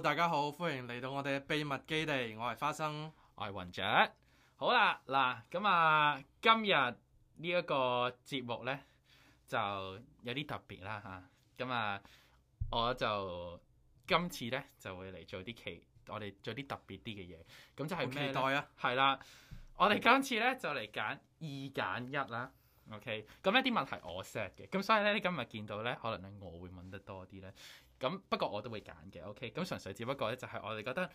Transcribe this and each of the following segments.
大家好，歡迎嚟到我哋嘅秘密基地，我係花生，我係雲雀。好啦，嗱，咁啊，今日呢一個節目呢就有啲特別啦吓，咁啊，我就今次呢就會嚟做啲奇，我哋做啲特別啲嘅嘢，咁就係期待啊，係啦，我哋今次呢就嚟揀二揀一啦，OK，咁一啲問題我 set 嘅，咁所以呢，你今日見到呢，可能咧我會問得多啲呢。咁不過我都會揀嘅。OK，咁純粹只不過咧，就係我哋覺得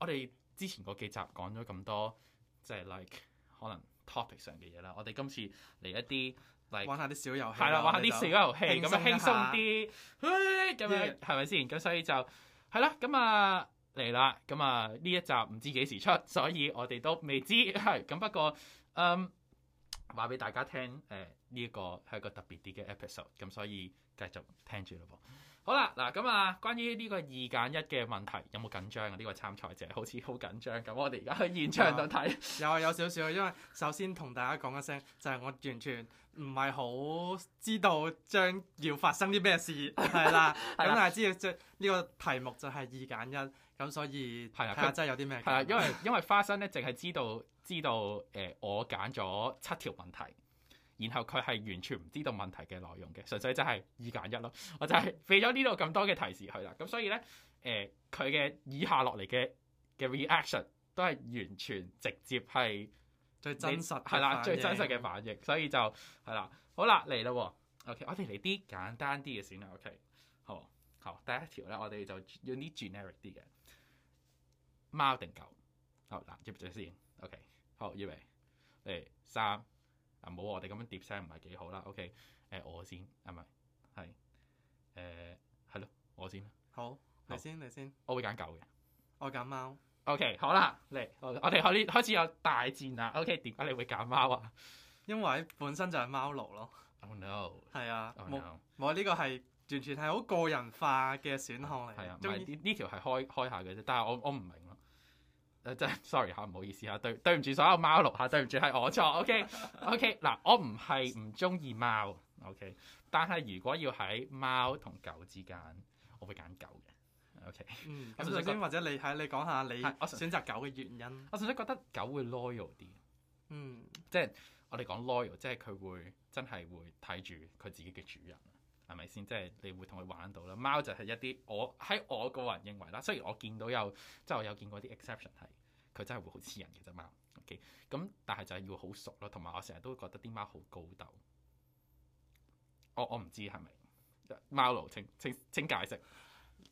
我哋之前嗰幾集講咗咁多，即係 like 可能 topic 上嘅嘢啦。我哋今次嚟一啲嚟、like，玩下啲小遊戲，係啦，啊、玩下啲小遊戲咁樣輕鬆啲，咁樣係咪先？咁下所以就係啦。咁啊嚟啦，咁啊呢一集唔知幾時出，所以我哋都未知係咁。 不過嗯，話俾大家聽，誒呢一個係一個特別啲嘅 episode，咁所以繼續聽住咯噃。好啦，嗱咁啊，關於呢個二揀一嘅問題，有冇緊張啊？呢、呢個參賽者好似好緊張咁。我哋而家去現場度睇、啊，看 有啊，有少少。因為首先同大家講一聲，就係、係、我完全唔係好知道將要發生啲咩事，係 啦。咁 但係知道呢個題目就係二揀一，咁所以朋友家姐有啲咩？係啊，啊，因為因為花生呢，淨係知道知道誒、呃，我揀咗七條問題。然後佢係完全唔知道問題嘅內容嘅，純粹就係二選一咯。我就係俾咗呢度咁多嘅提示佢啦。咁所以咧，誒佢嘅以下落嚟嘅嘅 reaction 都係完全直接係最真實，係啦，最真實嘅反應。所以就係啦，好啦，嚟咯。OK，我哋嚟啲簡單啲嘅先啦。OK，好，好，第一條咧，我哋就要啲 generic 啲嘅貓定狗？好啦，接住先？OK，好，預備，嚟，三。冇、啊、我哋咁樣疊聲唔係幾好啦。OK，誒、呃、我先係咪？係誒係咯，我先。好，你先，你先，我會揀狗嘅。我揀貓。OK，好啦，嚟我哋開始開始有大戰啦。OK，點解你會揀貓啊？因為本身就係貓奴咯。Oh, no！係 啊，冇冇，呢個係完全係好個人化嘅選項嚟。係啊，唔係呢條係開開下嘅啫。但係我我唔明。誒係 sorry 嚇，唔好意思嚇，對對唔住所有貓奴嚇，對唔住係我錯，OK OK 嗱，我唔係唔中意貓，OK，但係如果要喺貓同狗之間，我會揀狗嘅，OK、嗯。咁或者你係你講下你我選擇狗嘅原因，我純粹覺得狗會 loyal 啲，嗯，即係我哋講 loyal，即係佢會真係會睇住佢自己嘅主人。係咪先？即係你會同佢玩到啦。貓就係一啲我喺我個人認為啦。雖然我見到有即係我有見過啲 exception 係佢真係會好黐人嘅隻貓。OK，咁但係就係要好熟咯。同埋我成日都覺得啲貓好高竇。我我唔知係咪貓奴？請請請解釋。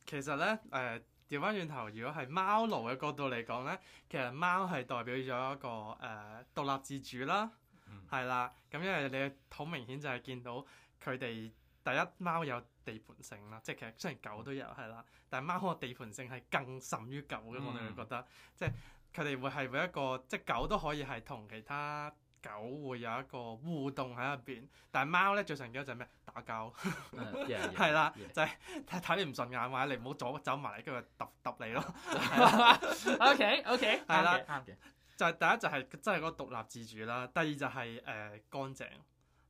其實呢，誒調翻轉頭，如果係貓奴嘅角度嚟講呢，其實貓係代表咗一個誒、呃、獨立自主啦，係、嗯、啦。咁因為你好明顯就係見到佢哋。第一，貓有地盤性啦，即係其實雖然狗都有係啦，但係貓個地盤性係更甚於狗嘅，我哋會覺得，嗯、即係佢哋會係會一個，即係狗都可以係同其他狗會有一個互動喺入邊，但係貓咧最神奇就係咩？打交係啦，就係、睇、睇你唔順眼，或者你唔好走走埋嚟，跟住揼揼你咯。 OK OK，係 啦，啱嘅 Okay.。就係第一就係真係嗰個獨立自主啦，第二就係誒乾淨。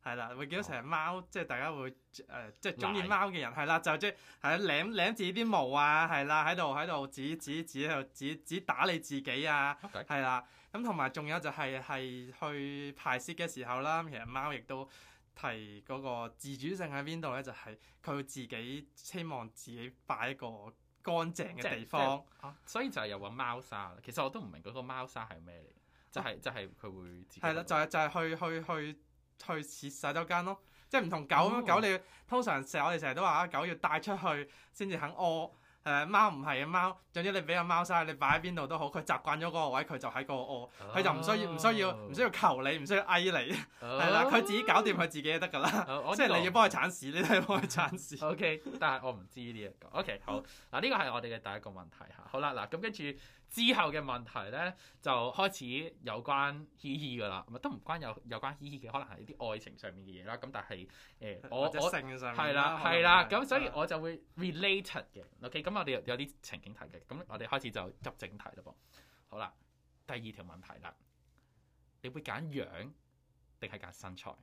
係啦，會見到成隻貓，即係大家會誒、呃，即係中意貓嘅人係啦的，就即係舐舐自己啲毛啊，係啦，喺度喺度指指指喺度指指，指打理自己啊，係啦 Okay.，咁同埋仲有就係、是、係去排泄嘅時候啦，其實貓亦都提嗰個自主性喺邊度咧，就係佢會自己希望自己擺一個乾淨嘅地方，啊、所以就係有揾貓砂。其實我都唔明嗰個貓砂係咩嚟，嘅，就係就係佢會係啦，就係、是、就係去去去。啊去廁所洗手間咯，即係唔同狗咁，oh. 狗你通常成我哋成日都話啊，狗要帶出去先至肯屙。誒、呃，貓唔係啊，貓總之你俾個貓沙，你擺喺邊度都好，佢習慣咗嗰個位，佢就喺嗰個屙，佢、oh. 就唔需要唔需要唔需要求你，唔需要嗌你，係啦、oh.，佢自己搞掂佢自己就得噶啦。Oh. Oh. 即係你要幫佢鏟屎，你都要幫佢鏟屎。O、okay, K，但係我唔知呢啲嘢。O、okay, K，好嗱，呢個係我哋嘅第一個問題嚇。好啦，嗱咁跟住。之後嘅問題咧，就開始有關嘻嘻噶啦，咁都唔關有有關嘻嘻嘅，可能係啲愛情上面嘅嘢啦。咁但係誒，呃、或者 我，我性上，係啦係啦，咁的所以我就會 related 嘅。O K，咁我哋有啲情景題嘅，咁我哋開始就入正題啦噃。好啦，第二條問題啦，你會揀樣定係揀身材？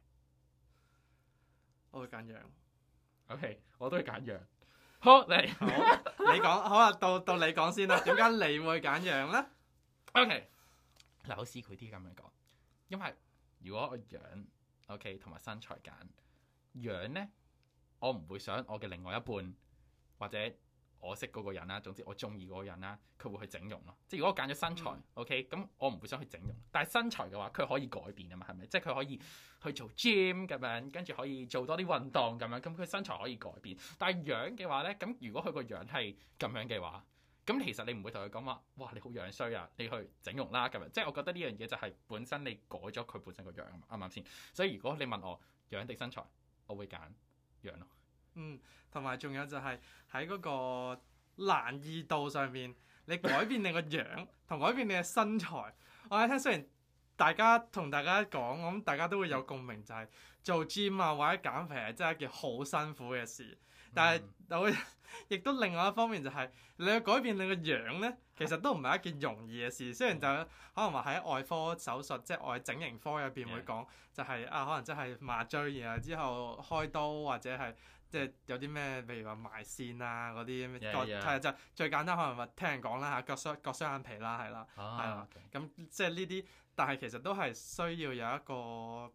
我會揀樣。O、okay, K，我都會揀樣。好嚟，好你講好啊，到到你講先啦。點解你會揀樣咧？O K，老師佢啲咁樣講，因為如果我樣，O K，同埋身材揀樣咧，我唔會想我嘅另外一半或者。我識嗰個人啦，總之我中意嗰個人啦，佢會去整容咯。即係如果我揀咗身材，嗯，OK，咁我唔會想去整容。但係身材嘅話，佢可以改變啊嘛，係咪？即係佢可以去做 gym 咁樣，跟住可以做多啲運動咁樣，咁佢身材可以改變。但係樣嘅話咧，咁如果佢個樣係咁樣嘅話，咁其實你唔會同佢講話，哇，你好樣衰啊，你去整容啦咁樣。即係我覺得呢樣嘢就係本身你改咗佢本身個樣啊嘛，啱唔啱先？所以如果你問我樣定身材，我會揀樣咯。嗯，同埋仲有就係喺嗰個難易度上面，你改變你個樣同改變你嘅身材。 我一聽，雖然大家同大家講，咁大家都會有共鳴就、啊，就係做 gym 啊或者減肥係真係一件好辛苦嘅事。但係我亦都另外一方面就係、是、你去改變你個樣呢，其實都唔係一件容易嘅事。雖然就可能話喺外科手術，即係我哋整形科入邊會講、就是，就係啊可能真係麻醉，然後之後開刀或者係。即係有啲咩，譬如話埋線啊，嗰啲咁嘅，割，係就最簡單，可能話聽人講啦嚇，割雙割雙眼皮啦，係啦，係啦、oh, okay.，咁即係呢啲，但係其實都係需要有一個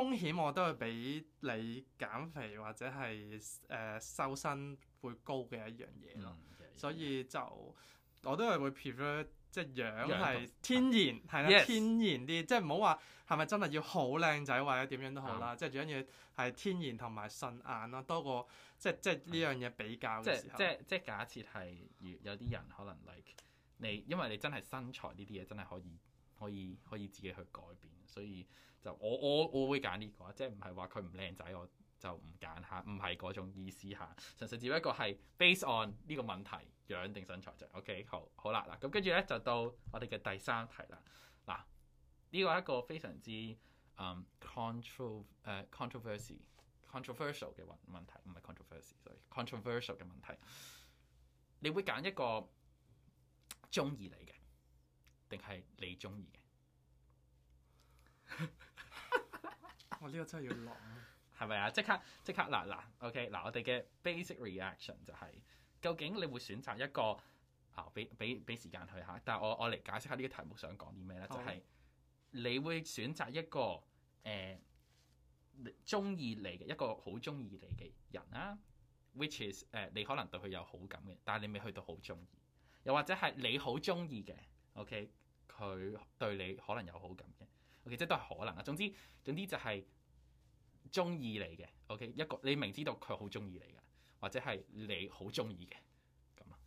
風險，我都會比你減肥或者係誒收身會高嘅一樣嘢咯，mm hmm. okay, yeah, yeah. 所以就我都係會 prefer。即係樣係天然，係啦、啊，的天然啲，Yes. 即係唔好話係咪真係要好靚仔或者點樣都好啦。嗯、即係最緊要係天然同埋順眼啦，多過即係即係呢樣嘢比較嘅時候。即係即係即係假設係，有啲人可能 like 你，因為你真係身材呢啲嘢真係可以可以可以自己去改變，所以就我我我會揀呢、呢個，即係唔係話佢唔靚仔我。就唔揀嚇，唔係嗰種意思嚇，純粹只不過係 base on 呢個問題，樣定身材就 OK 好。好好啦嗱，咁跟住咧就到我哋嘅第三題啦。嗱，呢個係一個非常之 contro 誒 controversy、controversial 嘅問問題，唔係 controversy，sorry，controversial 嘅問題。你會揀一個中意你嘅，定係你中意嘅？我呢、 呢個真係要諗、啊。係咪啊？即刻即刻嗱嗱，OK 嗱，我哋嘅 basic reaction 就係究竟你會選擇一個啊，俾俾俾時間去嚇。但係我我嚟解釋下呢個題目想講啲咩咧，的就係你會選擇一個誒中意你嘅一個好中意你嘅人啦，which is 誒你可能對佢有好感嘅，但係你未去到好中意。又或者係你好中意嘅，OK 佢對你可能有好感嘅，OK 即都係可能啊。總之總之就係。中意你嘅，OK 一個你明知道佢好中意你嘅，或者係你好中意嘅咁啊。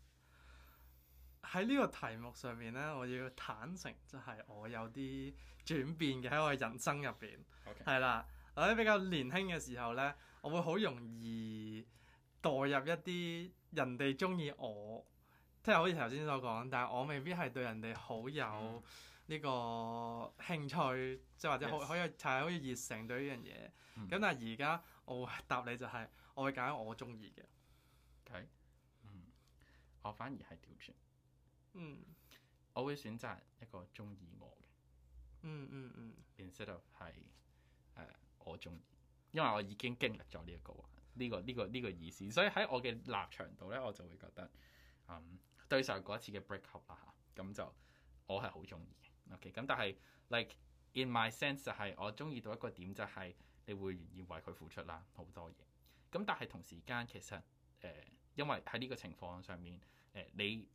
喺呢個題目上面呢，我要坦誠，就係、是、我有啲轉變嘅喺我人生入邊，係啦 OK.。我喺比較年輕嘅時候呢，我會好容易代入一啲人哋中意我，即、就、係、是、好似頭先所講，但係我未必係對人哋好有。嗯呢個興趣即係或者可可以係可以熱誠對呢樣嘢。咁、mm. 但係而家我會答你就係、是，我會揀我中意嘅。Okay 嗯，我反而係調轉。嗯，mm. 我會選擇一個中意我嘅。嗯嗯嗯。Instead 係誒我中意，因為我已經經歷咗呢一個呢、呢個呢、呢個呢、呢個意思。所以喺我嘅立場度咧，我就會覺得，嗯，對上嗰一次嘅 breakup 啦嚇，咁就我係好中意。OK，咁但係 like in my sense 就係我中意到一個點就係、是、你會願意為佢付出啦好多嘢。咁但係同時間其實誒、呃，因為喺呢個情況上面誒、呃，你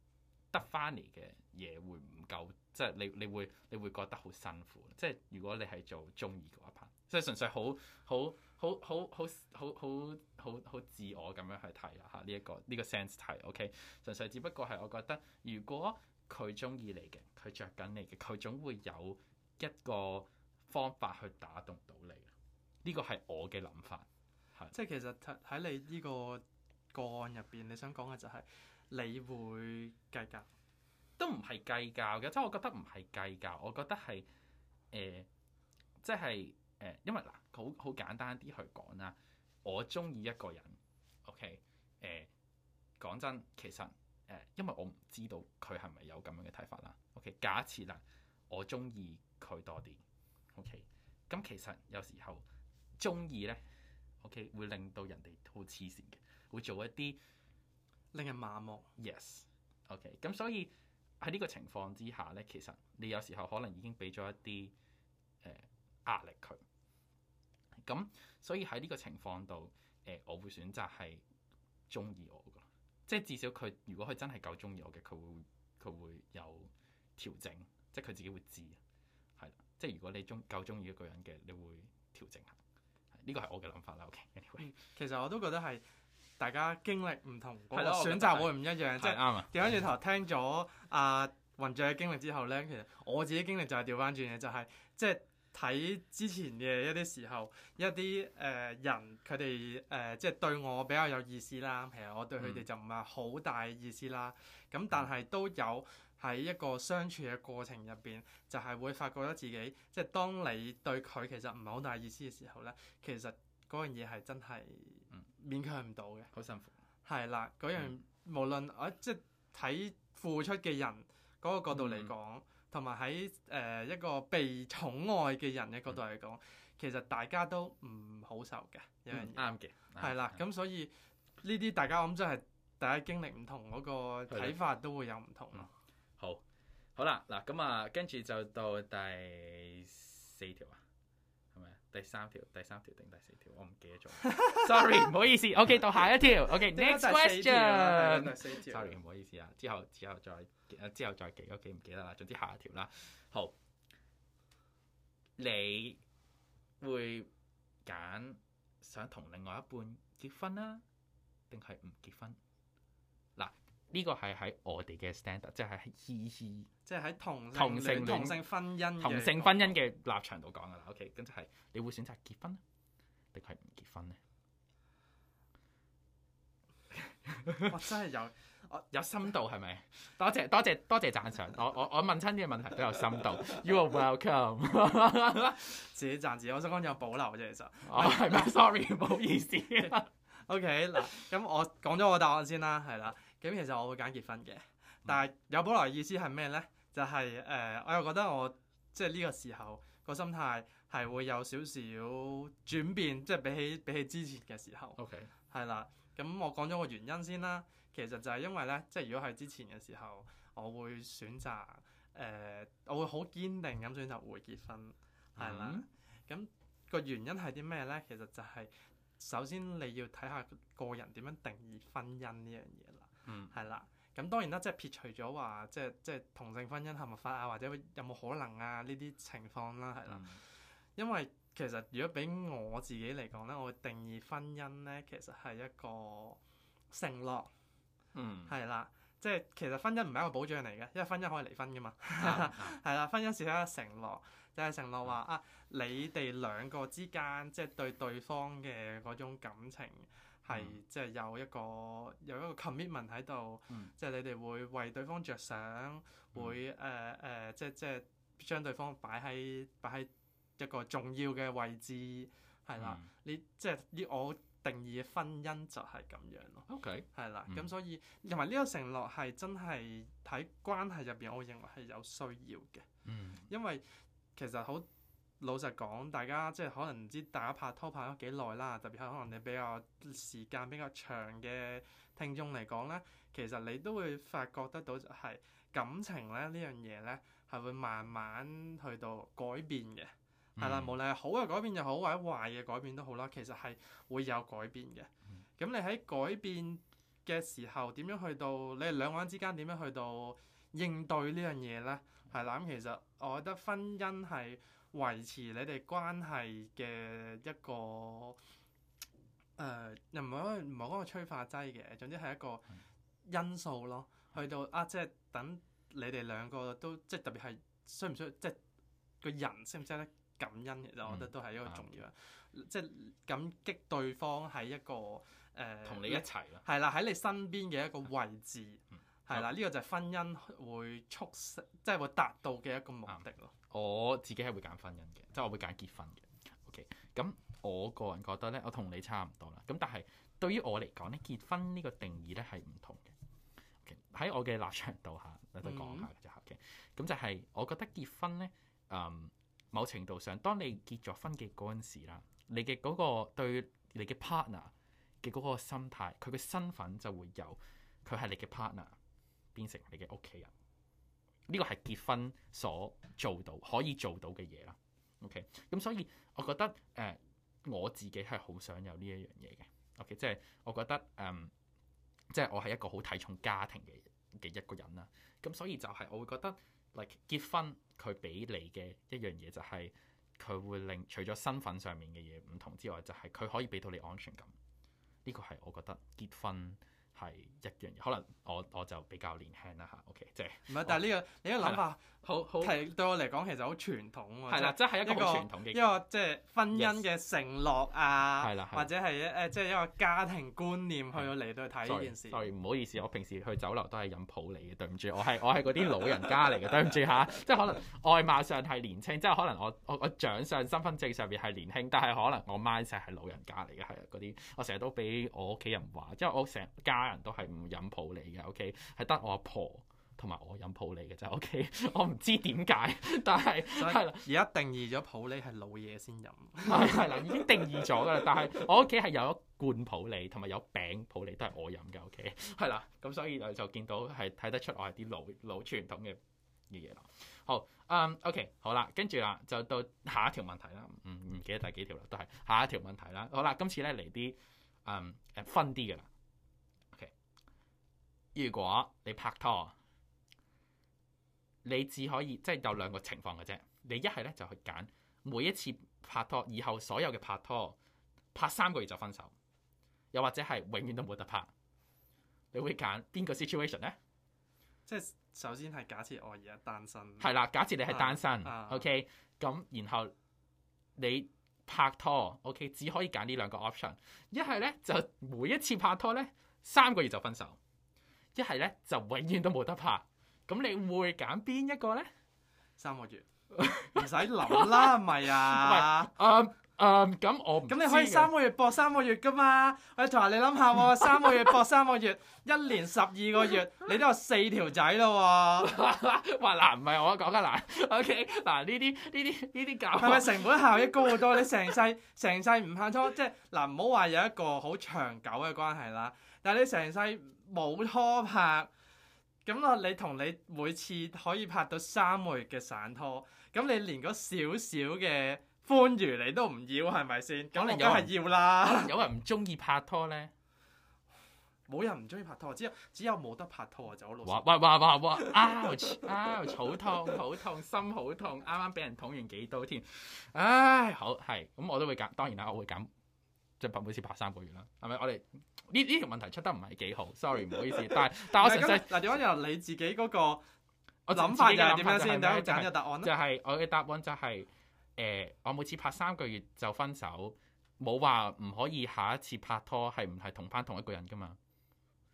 得返嚟嘅嘢會唔夠，即、就、係、是、你你會你會覺得好辛苦。即係如果你係做中意嗰一 part，即係純粹好好好好好好好好好好自我咁樣去睇啦吓呢一個呢、這個 sense 睇 OK，純粹只不過係我覺得如果。佢中意你嘅，佢着緊你嘅，佢總會有一個方法去打動到你。呢個係我嘅諗法，係即係其實喺你呢個個案入邊，你想講嘅就係你會計較，都唔係計較嘅。即係我覺得唔係計較，我覺得係誒，即係誒，因為嗱，好好簡單啲去講啦。我中意一個人，OK？誒、呃，講真，其實。因為我唔知道佢係咪有咁樣嘅睇法啦。OK，假設啦，我中意佢多啲。OK，咁其實有時候中意呢，OK，會令到人哋好黐線嘅，會做一啲令人麻木。Yes，OK，咁所以喺呢個情況之下呢，其實你有時候可能已經俾咗一啲誒、呃，壓力佢。咁所以喺呢個情況度、呃，我會選擇係中意我。即係至少佢如果佢真係夠中意我嘅，佢會佢會有調整，即係佢自己會知，係啦。即係如果你中夠中意一個人嘅，你會調整下。呢個係我嘅諗法啦。OK，anyway，okay，其實我都覺得係大家經歷唔同，個選擇我會唔一樣。係啱啊！調翻轉頭聽咗阿雲雀嘅經歷之後呢，其實我自己經歷就係調翻轉嘅，就係即係。就是睇之前嘅一啲時候，一啲誒、呃、人佢哋誒即係對我比較有意思啦。其實我對佢哋就唔係好大意思啦。咁、嗯、但係都有喺一個相處嘅過程入邊，就係、是、會發覺到自己，即、就、係、是、當你對佢其實唔係好大意思嘅時候咧，其實嗰樣嘢係真係勉強唔到嘅。好、嗯、辛苦。係啦，嗰樣無論即係睇付出嘅人嗰、那個角度嚟講。嗯嗯同埋喺誒一個被寵愛嘅人嘅角度嚟講，嗯、其實大家都唔好受嘅一樣嘢啱嘅，係啦、嗯。咁所以呢啲了大家我諗真係大家經歷唔同，嗰個睇法都會有唔同咯、嗯。好，好啦，嗱咁啊，跟住就到第四條啊。第三條，第三條定第四條，我唔記得咗。 Sorry，唔好意思。 OK，到下一條。OK，Next、okay, question。 Sorry，唔好意思啊。之後，之後再，之後再記，okay, 記唔記得啦？總之下一條啦。好，你會揀想同另外一半結婚啦，定係唔結婚？呢個係喺我哋嘅 standard 即係喺嘻嘻，即係喺同同性同性婚姻同性婚姻嘅立場度講㗎啦。OK，咁就係你會選擇結婚定係唔結婚咧？我真係有我有深度，係咪？多謝多謝多謝讚賞。我我我問親呢個問題都有深度。You are welcome。自己暫時，我想講有保留啫。其實，我係咩？Sorry，唔好意思。OK，嗱，咁我講咗我答案先啦，係啦。咁其實我會揀結婚嘅，但係有保留意思係咩咧？就係、是、誒、呃，我又覺得我即係呢個時候個心態係會有少少轉變，即係比起比起之前嘅時候，OK，係啦。咁我講咗個原因先啦。其實就係因為咧，即係如果係之前嘅時候，我會選擇誒、呃，我會好堅定咁選擇會結婚，係啦、mm？咁、hmm. 個原因係啲咩咧？其實就係首先你要睇下個人點樣定義婚姻呢樣嘢。嗯，係啦，咁當然啦，即係撇除咗話，即係即係同性婚姻合唔合法啊，或者有冇可能啊呢啲情況啦，係啦，嗯、因為其實如果俾我自己嚟講咧，我會定義婚姻咧，其實係一個承諾，嗯，係啦，即係其實婚姻唔係一個保障嚟嘅，因為婚姻可以離婚噶嘛，係啦、嗯， 婚姻是係一個承諾，就係、是、承諾話、嗯、啊，你哋兩個之間即係對對方嘅嗰種感情。係即係有一個有一個 commitment 喺度，嗯、即係你哋會為對方着想，會誒誒、嗯呃、即即將對方擺喺擺喺一個重要嘅位置係啦。嗯、你即係依我定義嘅婚姻就係咁樣咯。OK，係啦。咁所以同埋呢個承諾係真係喺關係入邊，我認為係有需要嘅。嗯、因為其實好。老實講，大家即係可能唔知大家拍拖拍咗幾耐啦。特別係可能你比較時間比較長嘅聽眾嚟講咧，其實你都會發覺得到就係感情咧呢樣嘢咧，係會慢慢去到改變嘅。係啦、嗯，無論係好嘅改變又好，或者壞嘅改變都好啦，其實係會有改變嘅。咁、嗯、你喺改變嘅時候，點樣去到你哋兩個人之間點樣去到應對呢樣嘢咧？係啦，其實我覺得婚姻係。維持你哋關係嘅一個誒、呃，又唔係可以唔係嗰個催化劑嘅，總之係一個因素咯。嗯、去到啊，即係等你哋兩個都即係特別係需唔需要，嗯、即係個人識唔識得感恩，其實、嗯、我覺得都係一個重要，即係、嗯、感激對方喺一個誒同、呃、你一齊咯，係啦，喺你身邊嘅一個位置。嗯嗯係啦，呢個就係婚姻會促成，即係會達到嘅一個目的咯。我自己係會揀婚姻嘅，即係我會揀結婚嘅。OK，咁我個人覺得咧，我同你差唔多啦。咁但係對於我嚟講咧，結婚呢個定義咧係唔同嘅。OK，喺我嘅立場度嚇，我都講下嘅、嗯 okay，就 OK。咁就係我覺得結婚咧，誒、嗯、某程度上，當你結咗婚嘅嗰陣時啦，你嘅嗰個對你嘅 partner 嘅嗰個心態，佢嘅身份就會有佢係你嘅 partner。變成你嘅屋企人，呢個係結婚所做到可以做到嘅嘢啦。OK，咁所以我覺得誒、呃，我自己係好想有呢一樣嘢嘅。OK，即係我覺得誒、嗯，即係我係一個好睇重家庭嘅嘅一個人啦。咁所以就係我會覺得 l、like，結婚佢俾你嘅一樣嘢就係、是、佢會令除咗身份上面嘅嘢唔同之外，就係、是、佢可以俾到你安全感。呢個係我覺得結婚。係一樣嘢，可能我我就比較年輕啦吓 OK 即係唔係？但係呢、呢個你個諗法的好好係對,對我嚟講其實好傳統喎。係啦，即、就、係、是、一個傳統嘅一個即係婚姻嘅承諾啊，或者係誒即係一個家庭觀念的去到嚟到睇呢件事。sorry，唔好意思，我平時去酒樓都係飲普洱嘅，對唔住，我係我係嗰啲老人家嚟嘅， 對唔住吓，即係可能外貌上係年輕，即係可能我我我,我,我長相、身份證上面係年輕，但係可能我 mindset 係老人家嚟嘅，係啊嗰啲。我成日都俾我屋企人話，即係我成家。家人都係唔飲普洱嘅，OK，係得我阿婆同埋我飲普洱嘅啫，OK。我唔知點解，但係係啦，而家定義咗普洱係老嘢先飲，係啦， 已經定義咗噶啦。但係我屋企係有一罐普洱同埋有餅普洱都係我飲嘅，OK。係啦，咁所以就見到係睇得出我係啲老老傳統嘅嘅嘢咯。好，嗯，OK，好啦，跟住啦，就到下一條問題啦。嗯，唔記得第幾條啦，都係下一條問題啦。好啦，今次咧嚟啲嗯分啲噶啦。如果你拍拖，你只可以即係有兩個情況嘅啫。你一係咧就去揀每一次拍拖，以後所有嘅拍拖拍三個月就分手，又或者係永遠都冇得拍。你會揀邊個 situation 呢？即係首先係假設我而家單身，係啦。假設你係單身，啊啊，OK 咁，然後你拍拖，OK 只可以揀呢兩個 option。一係咧就每一次拍拖咧三個月就分手。一係咧就永遠都冇得拍，咁你會揀邊一個咧？三個月唔使諗啦，咪 啊？唔係啊啊咁我咁你可以三個月搏三個月噶嘛？我同埋你諗下喎，三個月搏三個月， 一年十二個月，你都有四條仔咯喎，啊！哇嗱、 呃，唔、呃、係我講緊啦，OK 嗱呢啲呢啲呢啲價，係咪成本效益高好多？你成世成世唔拍拖， 即係嗱唔好話有一個好長久嘅關係啦。但你成世冇拖拍，咁我你同你每次可以拍到三個月嘅散拖，咁你連嗰少少嘅歡愉你都唔要，係咪先？咁你梗係要啦。有人唔中意拍拖咧，冇 人唔中意拍拖，只有只有冇得拍拖走攞。哇哇哇哇！ouch，ouch，好痛好痛，心好痛，啱啱俾人捅完幾刀添。唉，好係，咁我都會揀。當然啦，我會揀。就拍每次拍三個月啦，係咪？我哋呢呢條問題出得唔係幾好，sorry 唔好意思。 但係但係我成際嗱，點解由你自己嗰個我諗自、就係、法嘅諗法先，就係、等我揀答案。就係我嘅答案就係、是、誒、呃，我每次拍三個月就分手，冇話唔可以下一次拍拖係唔係同翻同一個人㗎嘛？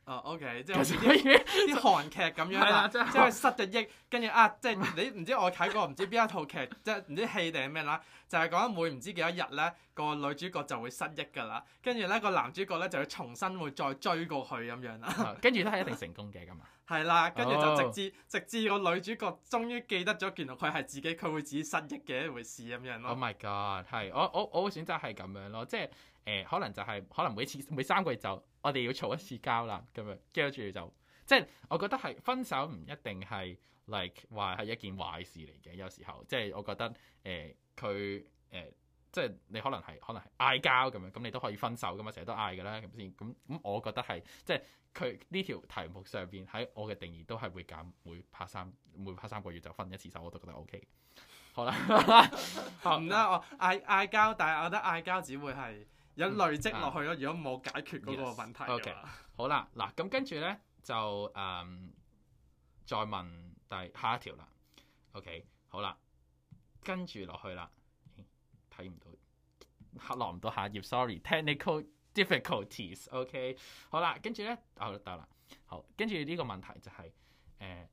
哦、oh，OK，即係好似啲韓劇咁樣啦， 即係失咗憶，跟住啊，即係你唔知我睇過唔知邊一套劇，即係唔知戲定係咩啦，就係、是、講每唔知幾多日咧，個女主角就會失憶噶啦，跟住咧個男主角咧就要重新會再追過去咁樣啦，跟住咧係一定成功嘅咁嘛，係 啦，跟住就直至、oh. 直至個女主角終於記得咗原來佢係自己佢會自己失憶嘅一回事咁樣咯。Oh my god，係我我我會選擇係咁樣咯，即係。誒、呃、可能就係、是、可能每次每三個月就我哋要吵一次交啦，咁樣跟住就即係我覺得係分手唔一定係 Like 話係一件壞事嚟嘅，有時候即係我覺得誒佢誒即係你可能係可能係嗌交咁樣，咁你都可以分手噶嘛，成日都嗌噶啦咁先，咁咁我覺得係即係佢呢條題目上面喺我嘅定義都係會揀每拍三每拍三個月就分一次手，我都覺得 O、OK、K。好啦，唔 得好我嗌嗌交，但係我覺得嗌交只會係。.有累積落去咯，如果冇解決呢個問題 Yes, okay. 好啦，嗱，咁跟住咧就誒，um, 再問第下一條啦。OK，好啦，跟住落去啦，睇唔到，落唔到下一頁，sorry，technical difficulties。Sorry, Dif ies, OK，好啦，跟住咧，得啦，好，跟住呢個問題就係、是、誒、呃，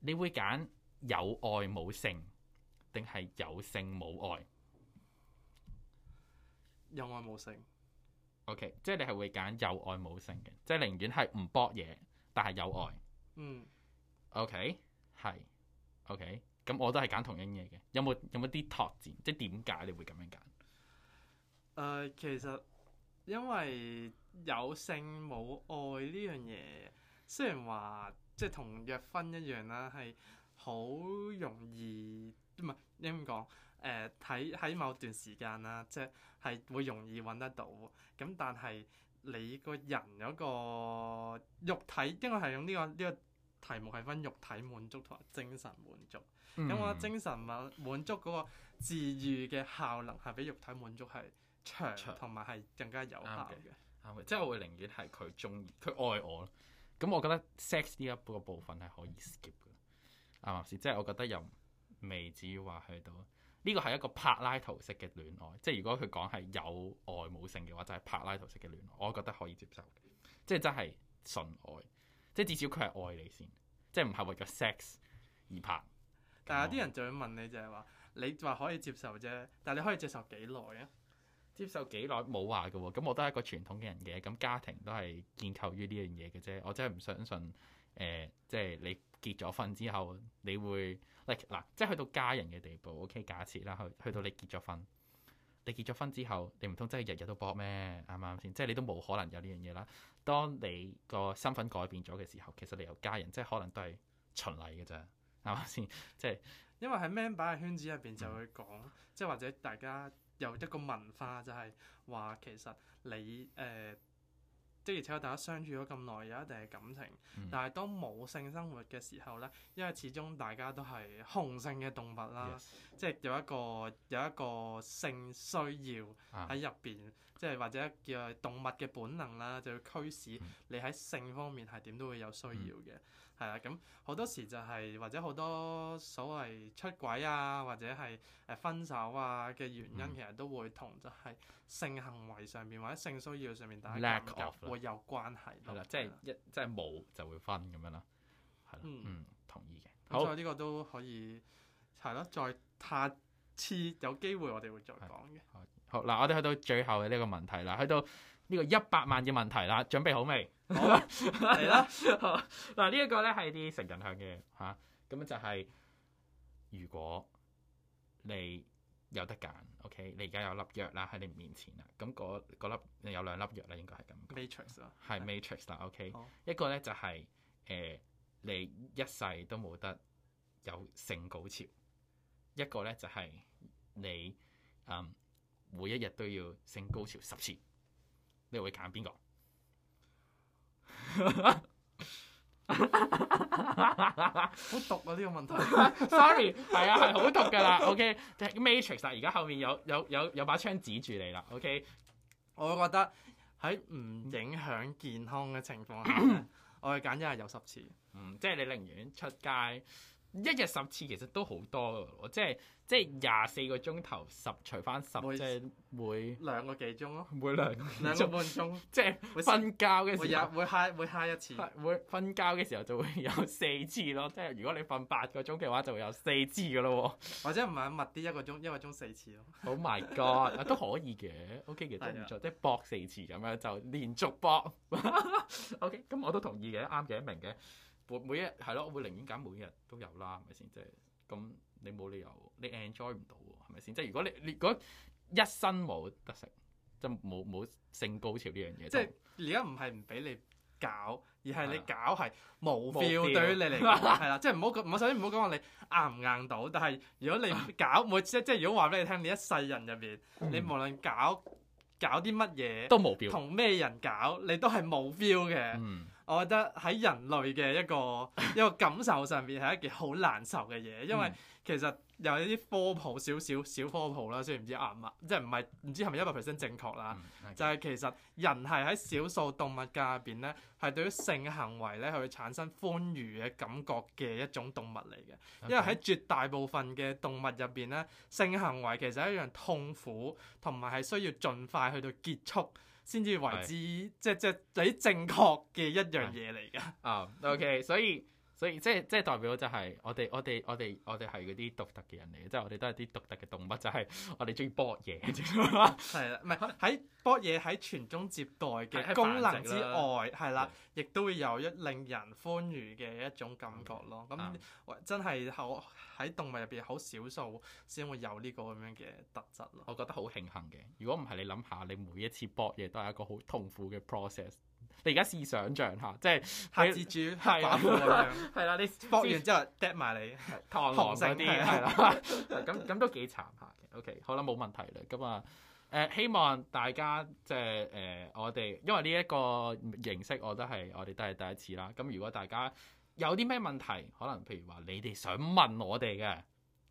你會揀有愛冇性定係有性冇愛？有愛冇性，OK，即係你係會揀有愛冇性嘅，即係寧願係唔搏嘢，但係有愛。嗯，OK，係，OK，咁我都係揀同樣嘢嘅。有冇有冇啲拓展？即係點解你會咁樣揀？誒、呃，其實因為有性冇愛呢樣嘢，雖然話即係同約婚一樣啦，係好容易，唔係你咁講。誒睇喺某段時間啦，即係係會容易揾得到咁。但係你個人有個肉體，因為係用呢個呢個題目係分肉體滿足同埋精神滿足咁。嗯、我覺得精神滿滿足嗰個治愈嘅效能係比肉體滿足係長同埋係更加有效嘅。啱、right. Right. right. 即係我會寧願係佢中意佢愛我咯。咁我覺得 sex 呢一個部分係可以 skip 嘅啱唔啱先？即係我覺得又未至於話去到。呢個係一個柏拉圖式嘅戀愛，即係如果佢講係有愛冇性嘅話，就係、是、柏拉圖式嘅戀愛，我覺得可以接受，即係真係純愛，即係至少佢係愛你先，即係唔係為咗 sex 而拍。但係有啲人就會問你，就係、是、話你話可以接受啫，但係你可以接受幾耐啊？接受幾耐冇話嘅喎，咁、哦、我都係一個傳統嘅人嘅，咁家庭都係建構於呢樣嘢嘅啫，我真係唔相信誒、呃，即係你。結咗婚之後，你會嗱，即係去到家人嘅地步。OK，假設啦，去去到你結咗婚，你結咗婚之後，你唔通真係日日都搏咩？啱唔啱先？即係你都冇可能有呢樣嘢啦。當你個身份改變咗嘅時候，其實你有家人，即係可能都係循例嘅啫，啱唔啱先？即係因為喺 man 把嘅圈子入邊就會講，嗯、即係或者大家有一個文化就係話，其實你誒。呃即係而且大家相處咗咁耐，有一定嘅感情，但係當冇性生活嘅時候咧，因為始終大家都係雄性嘅動物啦，Yes. 即係有一個有一個性需要喺入邊，啊、即係或者叫動物嘅本能啦，就要驅使你喺性方面係點都會有需要嘅。係啦，咁好多時就係、是、或者好多所謂出軌啊，或者係誒分手啊嘅原因，嗯、其實都會同就係性行為上面，或者性需要上面大家感覺會有關係咯、嗯吧。即係一即係冇就會分咁樣啦。係咯，嗯，嗯，同意嘅。好，呢個都可以係咯。再下次有機會我哋會再講嘅。好嗱，我哋去到最後嘅呢個問題啦，去到。呢個一百萬嘅問題啦，準備好未？係啦， 嗱，呢一個咧係啲成人向嘅嚇，咁、啊、就係、係、如果你有得揀，OK，你而家有粒藥啦喺你面前啦，咁嗰嗰粒有兩粒藥啦，應該係咁。Matrix 啦，係 Matrix 啦，OK，、oh. 一個咧就係、係、誒、呃、你一世都冇得有性高潮，一個咧就係、係、你嗯每一日都要性高潮十次。你會揀邊個？好毒啊！呢個問題，sorry，係啊，係好毒噶啦。OK，Matrix，而家後面有有有有把槍指住你啦。OK，我覺得喺唔影響健康嘅情況下， 我會揀一日有十次。嗯，即係你寧願出街。一日十次其實都好多喎，即係即係廿四個鐘頭十除翻十，即係每兩個幾鐘咯，每兩個幾鐘，兩個半鐘，即係瞓覺嘅時候會有會 high 會 high 一次，會瞓覺嘅時候就會有四次咯，即係如果你瞓八個鐘嘅話就會有四次噶咯喎，或者唔係密啲一個鐘一個鐘四次咯。Oh my god，都可以嘅，OK 其實都唔錯，即係博四次咁樣就連續博，OK 咁我都同意嘅，啱嘅明嘅。每每日，係咯，我會寧願揀每日都有啦，係咪先？即係咁，你冇理由你 enjoy 唔到喎，係咪先？即係如果你你如果一生冇得食，即係冇冇性高潮呢樣嘢。即係而家唔係唔俾你搞，而係你搞係冇 feel 對你嚟講係啦無表。即係唔好，我首先唔好講話你硬唔硬到，但係如果你搞每次 即係如果話俾你聽，你一世人入面，你無論搞搞啲乜嘢，都冇 feel 同咩人搞你都係冇 feel 嘅。嗯，我覺得喺人類嘅一個 一個感受上面係一件好難受嘅嘢，因為其實有一啲科普少少小，小，小科普啦，雖然唔知啱唔啱，即係唔係唔知係咪一百 percent 正確啦。嗯、就係其實人係喺少數動物界入邊咧，係對於性行為咧去產生歡愉嘅感覺嘅一種動物嚟嘅。因為喺絕大部分嘅動物入邊咧，性行為其實係一樣痛苦同埋係需要盡快去到結束。先至為之是，即即係正確嘅一樣嘢嚟㗎。啊、oh，OK， 所以。所以即係即係代表就係我哋我哋我哋我哋係嗰啲獨特嘅人嚟嘅，即係我哋都係啲獨特嘅動物，就係我哋中意搏嘢。係 啦， 唔係喺搏嘢喺傳宗接代嘅功能之外，係啦，亦都會有一令人歡愉嘅一種感覺咯。咁真係好喺動物入邊好少數先會有呢個咁樣嘅特質咯。我覺得好慶幸嘅。如果唔係你諗下，你每一次搏嘢都係一個好痛苦嘅 process。你而家試想像嚇，即係下次煮飯嗰樣係啦，你撲完之後抌埋你糖糖嗰啲嘅，係啦，咁咁都幾慘下嘅。OK，好啦，冇問題啦。咁、嗯、啊，誒、呃、希望大家即係誒、呃、我哋，因為呢一個形式我都係我哋都係第一次啦。咁如果大家有啲咩問題，可能譬如話你哋想問我哋嘅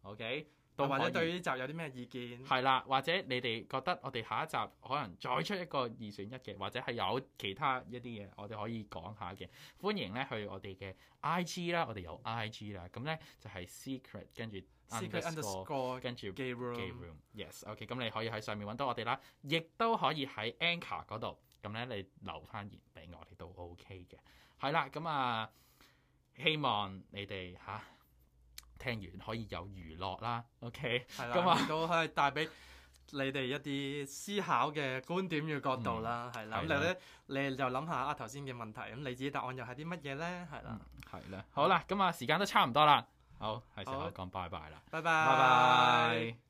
，OK。或者對於呢集有啲咩意見？係啦，或者你哋覺得我哋下一集可能再出一個二選一嘅，或者係有其他一啲嘢我哋可以講下嘅，歡迎咧去我哋嘅 I G 啦，我哋有 I G 啦，咁咧就係 Secret 跟住 Secret underscore 跟住 Gay Room Gay Room Yes OK，咁你可以喺上面揾到我哋啦，亦都可以喺 Anchor 嗰度，咁咧你留翻言俾我哋都 OK 嘅，係啦，咁啊希望你哋嚇。聽完可以有娛樂啦，OK，咁啊都係帶俾你哋一啲思考嘅觀點與角度啦，係。咁的你呢你就諗下啊頭先嘅問題，咁你自己答案又係啲乜嘢咧？係啦，係啦、嗯，好啦，咁、嗯、啊、嗯、時間都差唔多啦，好，係好時候講拜拜啦，好拜拜，拜拜。